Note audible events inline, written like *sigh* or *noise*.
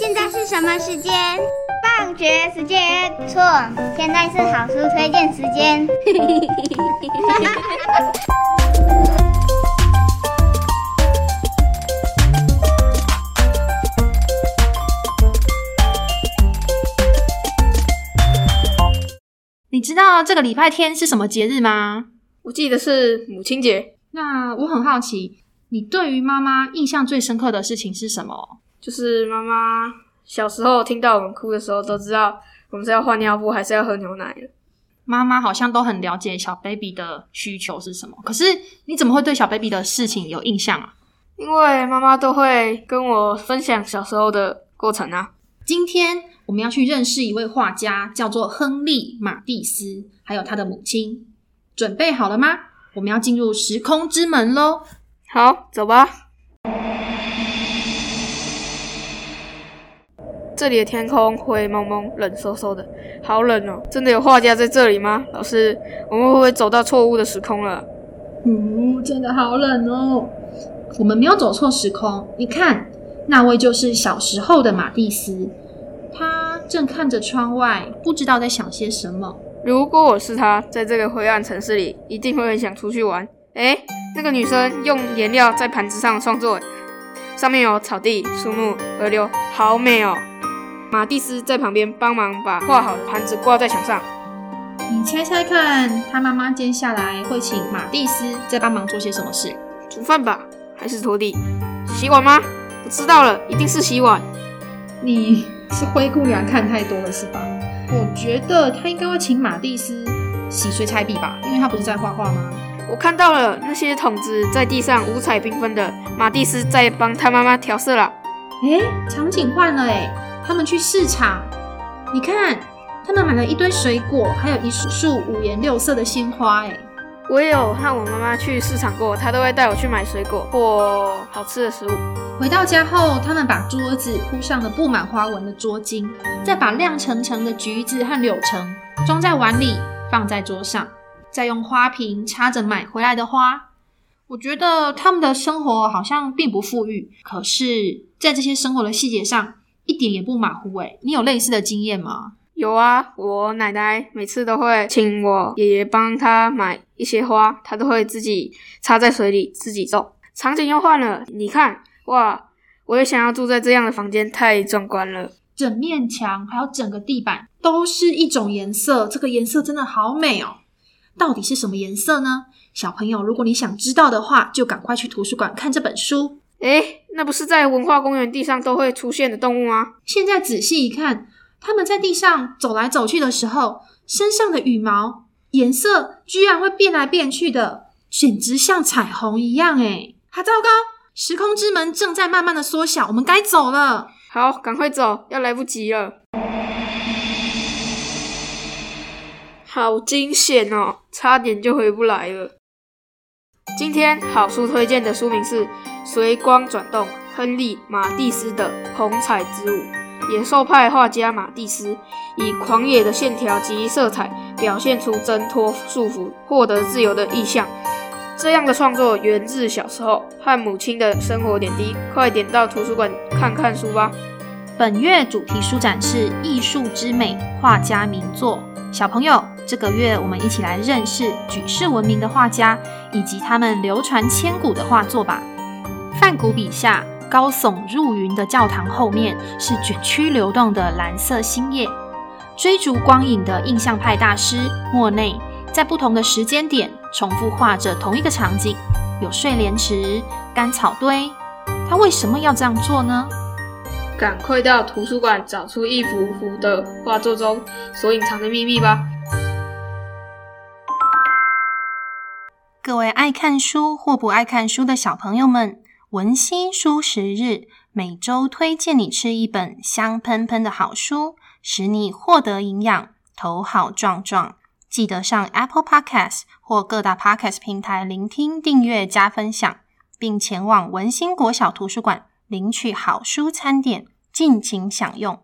現在是什麼時間？放學時間？錯，現在是好書推薦時間。 *laughs* 你知道這個禮拜天是什麼節日嗎？我記得是母親節。那我很好奇，你對於媽媽印象最深刻的事情是什麼？就是媽媽小時候聽到我們哭的時候，都知道我們是要換尿布還是要喝牛奶。媽媽好像都很了解小 baby 的需求是什麼。可是你怎麼會對小 baby 的事情有印象啊？因為媽媽都會跟我分享小時候的過程啊。今天我們要去認識一位畫家，叫做亨利·馬諦斯，還有他的母親。準備好了嗎？我們要進入時空之門嘍！好，走吧。這裡的天空灰濛濛、冷颼颼的，好冷哦！真的有畫家在這裡嗎？老師，我們會不會走到錯誤的時空了啊？嗯、哦，真的好冷哦。我們沒有走錯時空，你看，那位就是小時候的馬諦斯，他正看着窗外，不知道在想些什麼。如果我是他，在這個灰暗城市裡，一定會很想出去玩。誒，那個女生用顏料在盤子上創作，上面有草地、樹木、河流，好美哦！馬蒂斯在旁邊幫忙把畫好的盤子掛在牆上。你猜猜看，他媽媽接下來會請馬蒂斯再幫忙做些什麼事？煮飯吧，還是拖地？洗碗嗎？我知道了，一定是洗碗。你是灰姑娘看太多了是吧？我覺得他應該會請馬蒂斯洗水彩筆吧，因為他不是在畫畫嗎？我看到了那些桶子在地上五彩繽紛的，馬蒂斯在幫他媽媽調色了。誒，場景換了誒。他們去市場，你看，他們買了一堆水果，還有一束束五顏六色的鮮花。欸，我也有和我媽媽去市場過，她都會帶我去買水果或好吃的食物。回到家後，他們把桌子鋪上了布滿花紋的桌巾，再把亮澄澄的橘子和柳橙裝在碗裡放在桌上，再用花瓶插着買回來的花。我覺得他們的生活好像並不富裕，可是，在這些生活的細節上。一點也不馬虎耶，你有類似的經驗嗎？有啊，我奶奶每次都會請我爺爺幫她買一些花，她都會自己插在水裡自己種。場景又換了，你看哇，我也想要住在這樣的房間，太壯觀了！整面牆還有整個地板都是一種顏色，這個顏色真的好美哦。到底是什麼顏色呢？小朋友，如果你想知道的話，就趕快去圖書館看這本書。誒、欸。那不是在文化公園地上都會出現的動物嗎？現在仔細一看，他們在地上走來走去的時候，身上的羽毛顏色居然會變來變去的，簡直像彩虹一樣！誒，啊，好糟糕！時空之門正在慢慢的縮小，我們該走了。好，趕快走，要來不及了。好驚險哦，差點就回不來了。今天好書推薦的書名是《隨光轉動》，亨利·馬諦斯的《虹彩之舞》。野獸派畫家馬諦斯以狂野的線條及色彩，表現出掙脫束縛、獲得自由的意象。這樣的創作源自小時候和母親的生活點滴。快點到圖書館看看書吧！本月主題書展是《藝術之美：畫家名作》，小朋友。這個月，我們一起來認識舉世聞名的畫家以及他們流傳千古的畫作吧。梵谷筆下高聳入雲的教堂後面是捲曲流動的藍色星夜。追逐光影的印象派大師莫內，在不同的時間點重複畫着同一個場景，有睡蓮池、乾草堆。他為什麼要這樣做呢？趕快到圖書館找出一幅幅的畫作中所隱藏的秘密吧。各位愛看書或不愛看書的小朋友們，文欣書食日，每周推薦你吃一本香噴噴的好書，使你獲得營養，頭好壯壯。記得上 Apple Podcast 或各大 Podcast 平台聆聽、訂閱、加分享，並前往文欣國小圖書館，領取好書餐點，盡情享用。